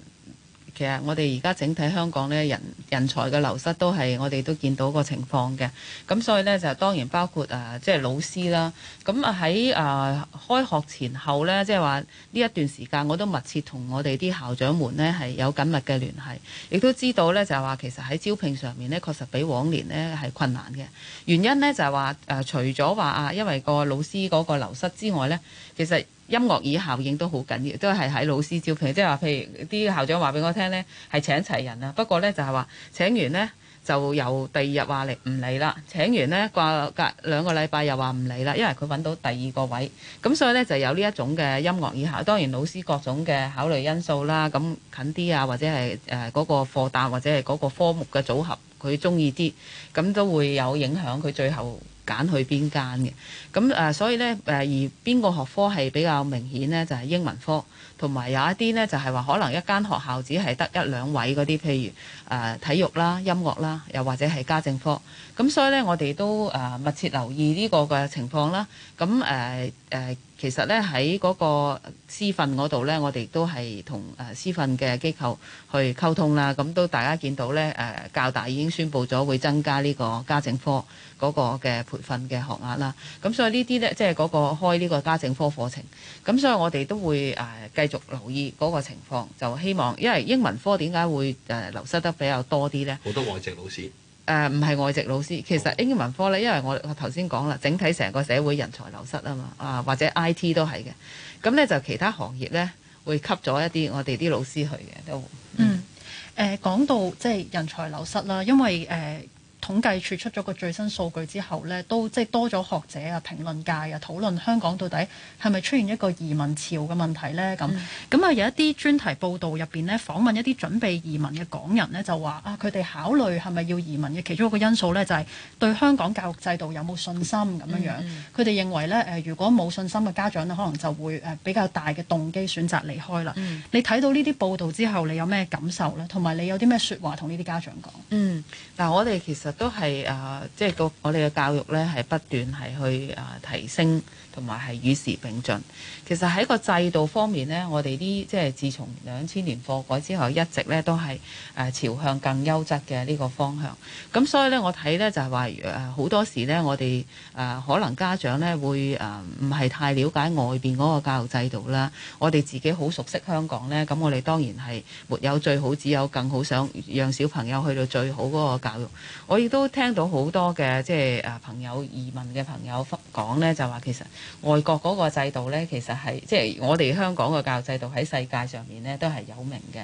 其實我哋而家整體香港呢人人才嘅流失都係我哋都見到個情況嘅，咁所以呢，就當然包括誒、啊、即係老師啦，咁啊喺誒開學前後呢，即係話呢一段時間我都密切同我哋啲校長們呢係有緊密嘅聯繫，亦都知道呢，就係、是、話其實喺招聘上面呢，確實比往年呢係困難嘅，原因呢，就係話誒除咗話啊因為個老師嗰個流失之外呢，其實。音樂椅效應都好緊要，都係喺老師招聘，即係話譬如啲校長話俾我聽呢，係請齊人啊。不過呢，就係話請完呢，就由第二日話嚟唔嚟啦。請完呢掛隔兩個禮拜又話唔嚟啦，因為佢揾到第二個位。咁所以呢，就有呢一種嘅音樂椅效。當然老師各種嘅考慮因素啦，咁近啲啊，或者係誒嗰個課擔或者係嗰個科目嘅組合佢中意啲，咁都會有影響佢最後揀去邊間嘅。咁誒、呃，所以呢，誒、呃，而邊個學科係比較明顯呢，就係、是、英文科。同埋有一啲咧，就係、是、話可能一間學校只係得一兩位嗰啲，譬如誒、呃、體育啦、音樂啦，又或者係家政科。咁所以咧，我哋都誒、呃、密切留意呢個嘅情況啦。咁誒誒其實咧，喺嗰個師訓嗰度咧，我哋都係同誒師訓嘅機構去溝通啦。咁都大家見到咧誒、呃、教大已經宣布咗會增加呢個家政科嗰個嘅培訓嘅學額啦。咁所以呢啲咧，即係嗰個開呢個家政科課程。咁所以我哋都會誒繼、呃、續。續留意嗰個情況，就希望，因為英文科點解會誒流失得比較多啲呢？好多外籍老師誒，唔係、呃、外籍老師，其實英文科呢，因為我我頭先講啦，整體成個社會人才流失啊嘛，啊或者 IT 都係嘅，咁呢，就其他行業呢，會吸咗一啲我哋啲老師去嘅都嗯誒，講、嗯呃、到即係人才流失啦，因為誒。呃統計處出咗個最新數據之後呢，都即係多咗學者啊、評論界啊討論香港到底係咪出現一個移民潮嘅問題呢？咁咁啊有一啲專題報導入邊呢，訪問一啲準備移民嘅港人呢，就話啊佢哋考慮係咪要移民嘅其中一個因素呢，就係、是、對香港教育制度有冇信心咁樣、嗯、樣。佢哋認為呢，誒，如果冇信心嘅家長呢，可能就會誒比較大嘅動機選擇離開啦。嗯、你睇到呢啲報導之後，你有咩感受呢？同埋你有啲咩説話同呢啲家長講、嗯？嗯，嗱、啊、我哋其實。都係誒、即、呃、係、就是，個我哋嘅教育咧，係不斷係去誒、呃、提升，同埋係與時並進。其實喺個制度方面呢，我哋啲即係自從兩千年課改之後，一直呢都係誒朝向更優質嘅呢個方向。咁所以呢，我睇呢就係話誒好多時呢，我哋誒可能家長呢會誒唔係太了解外邊嗰個教育制度啦。我哋自己好熟悉香港呢，咁我哋當然係沒有最好，只有更好，想讓小朋友去到最好嗰個教育。我亦都聽到好多嘅即係誒朋友移民嘅朋友講呢，就話其實外國嗰個制度呢，其實～係，即係我哋香港嘅教育制度喺世界上面咧，都係有名嘅。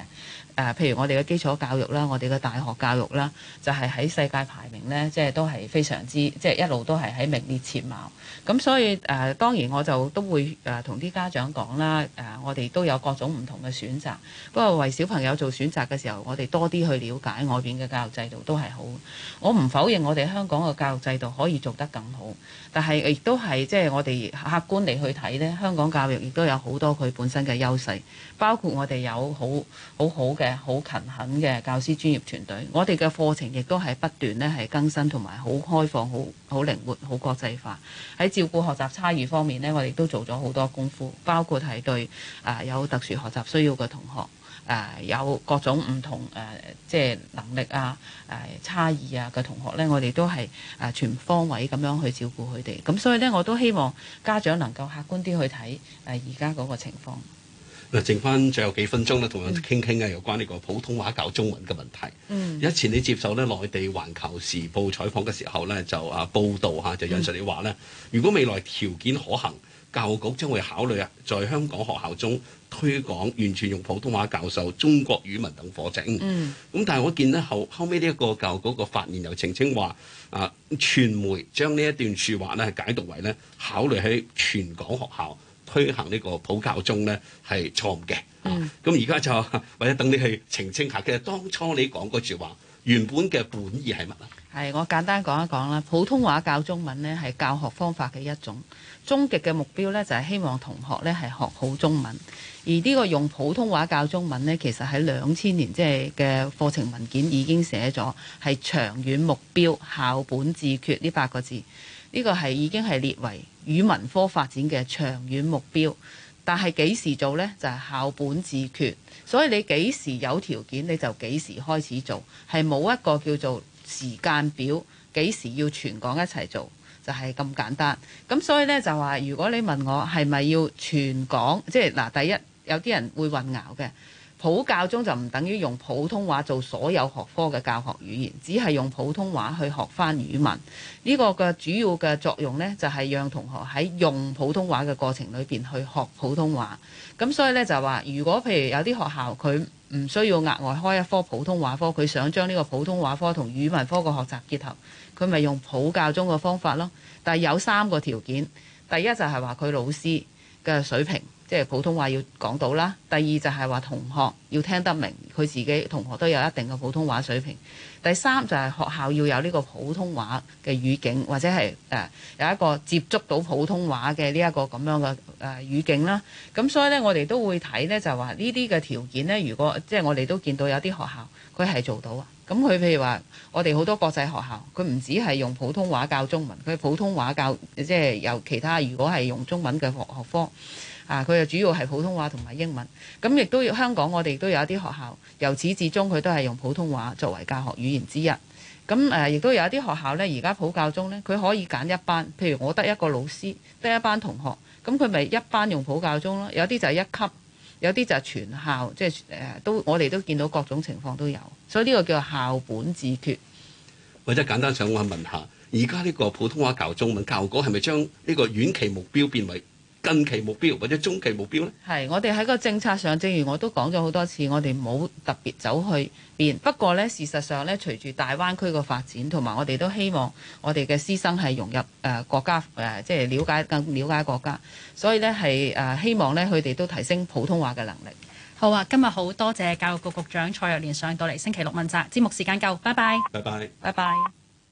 誒，譬如我哋嘅基礎教育啦，我哋嘅大學教育啦，就係喺世界排名呢，即係都係非常之，即係一路都係喺名列前茅。咁所以誒，當然我就都會誒同啲家長講啦，誒，我哋都有各種唔同嘅選擇。不過為小朋友做選擇嘅時候，我哋多啲去了解外邊嘅教育制度都係好。我唔否認我哋香港嘅教育制度可以做得更好，但係亦都係即係我哋客觀嚟去睇呢，香港教育亦都有好多佢本身嘅優勢，包括我哋有好好好嘅。好勤懇嘅教師專業團隊，我哋嘅課程亦都係不斷咧係更新，同埋好開放、好好靈活、好國際化。喺照顧學習差異方面呢，我哋都做咗好多功夫，包括係對啊有特殊學習需要嘅同學，啊有各種唔同誒、呃、即係能力啊誒、呃、差異啊嘅同學呢，我哋都係啊全方位咁樣去照顧佢哋。咁所以呢，我都希望家長能夠客觀啲去睇誒而家嗰個情況。嗱，剩翻最後幾分鐘咧，同樣傾傾啊，有關呢個普通話教中文嘅問題。嗯，以前你接受咧內地《環球時報》採訪嘅時候咧，就啊報導嚇、啊，就引述你話咧，如果未來條件可行，教育局將會考慮啊，在香港學校中推廣完全用普通話教授中國語文等課程。嗯，咁但係我見咧後後尾呢一個教育局個發言又澄清話，啊，傳媒將呢一段説話咧解讀為咧考慮喺全港學校。推行呢個普教中呢係錯誤嘅。咁而家就為咗等你去澄清下其實，當初你講個説話原本嘅本意係乜啊？係我簡單講一講啦，普通話教中文呢係教學方法嘅一種，終極嘅目標呢就係希望同學呢係學好中文，而呢個用普通話教中文呢，其實喺兩千年即係嘅課程文件已經寫咗係長遠目標，校本自決呢八個字。呢個係已經係列為語文科發展嘅長遠目標，但係幾時做呢？就係校本自決，所以你幾時有條件你就幾時開始做，係冇一個叫做時間表，幾時要全港一齊做，就係咁簡單。咁所以呢，就話，如果你問我係咪要全港，即係嗱，第一有啲人會混淆嘅。普教中就唔等於用普通話做所有學科嘅教學語言，只係用普通話去學翻語文。呢個嘅主要嘅作用呢，就係讓同學喺用普通話嘅過程裏邊去學普通話。咁所以呢，就係話，如果譬如有啲學校佢唔需要額外開一科普通話科，佢想將呢個普通話科同語文科嘅學習結合，佢咪用普教中嘅方法咯？但係有三個條件，第一就係話佢老師嘅水平。即係普通話要講到啦。第二就係話同學要聽得明，佢自己同學都有一定嘅普通話水平。第三就係學校要有呢個普通話嘅語境，或者係誒有一個接觸到普通話嘅呢一個咁樣嘅誒語境啦。咁所以呢，我哋都會睇呢，就係話呢啲嘅條件呢，如果即係、就是、我哋都見到有啲學校佢係做到啊。咁佢譬如話，我哋好多國際學校，佢唔止係用普通話教中文，佢普通話教即係、就是、有其他如果係用中文嘅學學科。啊！佢又主要係普通話同埋英文，咁、嗯、亦都香港。我哋都有一啲學校，由始至終佢都係用普通話作為教學語言之一。咁、嗯、誒，亦、啊、都有一啲學校呢而家普教中呢，佢可以揀一班，譬如我得一個老師，得一班同學，咁佢咪一班用普教中咯？有啲就係一級，有啲就係全校，即係誒都我哋都見到各種情況都有，所以呢個叫校本自決。或者簡單想我問，問下，而家呢個普通話教中文教嗰係咪將呢個遠期目標變為，近期目標或者中期目標呢？係，我哋喺個政策上，正如我都講咗好多次，我哋冇特別走去變。不過呢，事實上呢，隨住大灣區嘅發展，同埋我哋都希望我哋嘅師生係融入誒、呃、國家誒，即係了解更瞭解國家。所以呢，係誒、呃，希望呢，佢哋都提升普通話嘅能力。好啊，今日好多謝教育局局長蔡若蓮上到嚟星期六問責。節目時間夠，拜拜。拜拜，拜拜。